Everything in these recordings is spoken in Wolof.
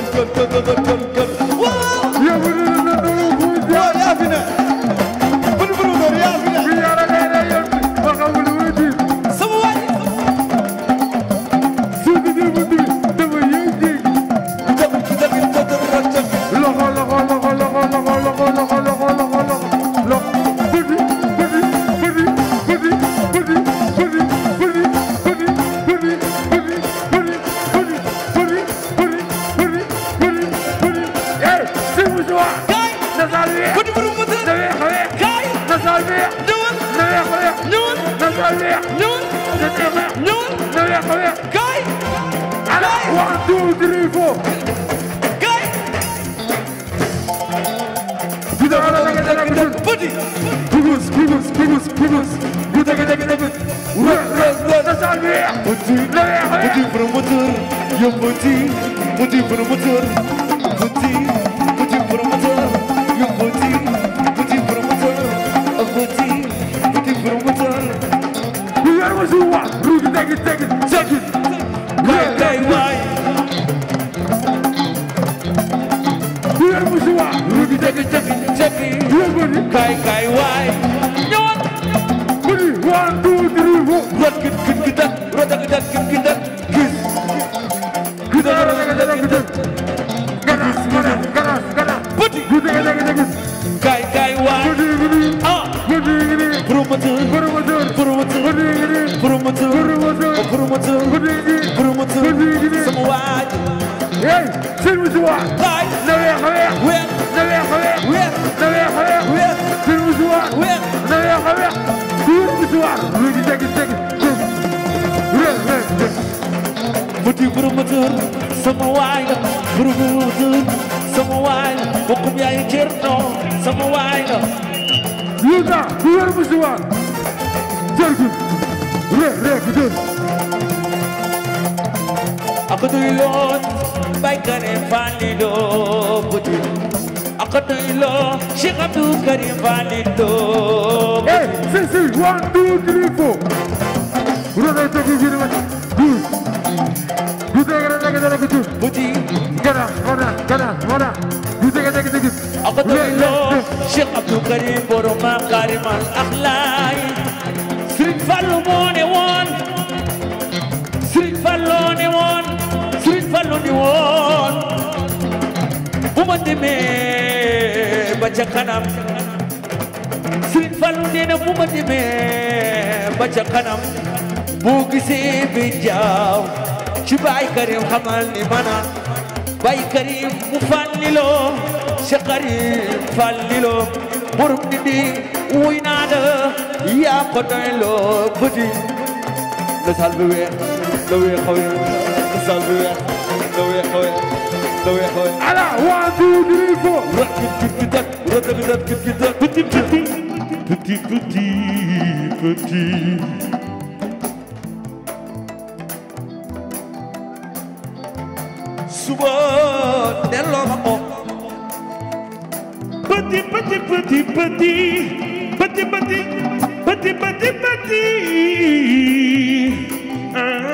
good, good, good, good, good. promotor, eu vou te, vou te promotor, vou te, vou te promotor. Because you want Rudy, take it, take it, take it Wait, wait, wait You hear what you want Rudy, take it, take it, take it You hear what you Kai, kai, why You want Rudy, one, two, three, four Rot, kit, kit, kit, that Rot, kit, that, kit, kit, that Kiss Kit, that, kit, that, kit, that Ganas, ganas, ganas Put it Rudy, take it, take it, take it Kai, kai promoteur promoteur promoteur sama waaj hey sëñ bi suwa waay na weer na weer weer na weer na weer weer na weer na weer weer sëñ bi suwa weer na weer na weer sëñ bi suwa lu di dégg dégg weer weer petit promoteur sama waay la promoteur sama waay la bokkum yaay cerno sama waay la yuuta lu weer bu suwa jërëjëf وليه بدون أقضي لون بايكر فالدو بدون أقضي لون شغبتو كريم فالدو إيه سي سي 1 2 3 4 ورغي تجي جيري مات دوز دوز غير غير غير غير دوز بودي غدا غدا غدا غدا دوز غير غير غير أقضي لون شغبتو كريم بورما كريم الأخلاق bu ma demee ba kanam Serigne Fallou nee bu ma demee ba kanam bu gisee bi jaaw ci Baay Karim xamal ni mana Baay Karim mu falliloo Cheikh Karim falliloo borom ni di wuy naa la yaa ko doyloo bëti la sal bi weex la weex a weex Ala one two three four. Petit petit petit petit petit. Suba delloo ma ko. Petit petit petit petit petit petit petit petit petit. Ah.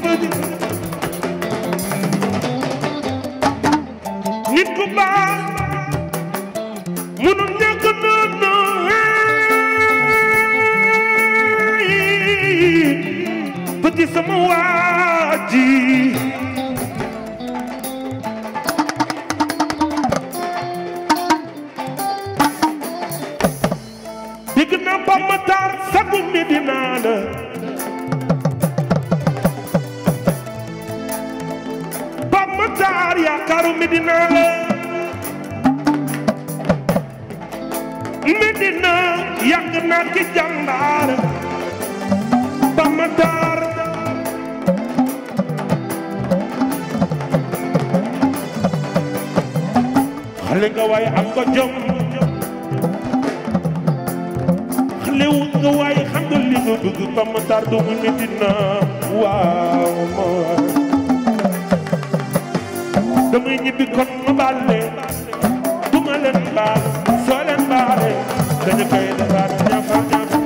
di sama waa ji dégg naa Bamba Taar sagum ni dinaa la Bamba Taar yaakaaru mi dinaa la mi dinaa yàgg naa ki jàmbaar xale nga waaye am nga jom xale wu nga waaye xam nga li nga bëgg pamataar doomu Medina waaw ma damay ñibbi kon ma baal leen du ma leen baal soo leen baale dañu koy defaat ñaafar ñaafar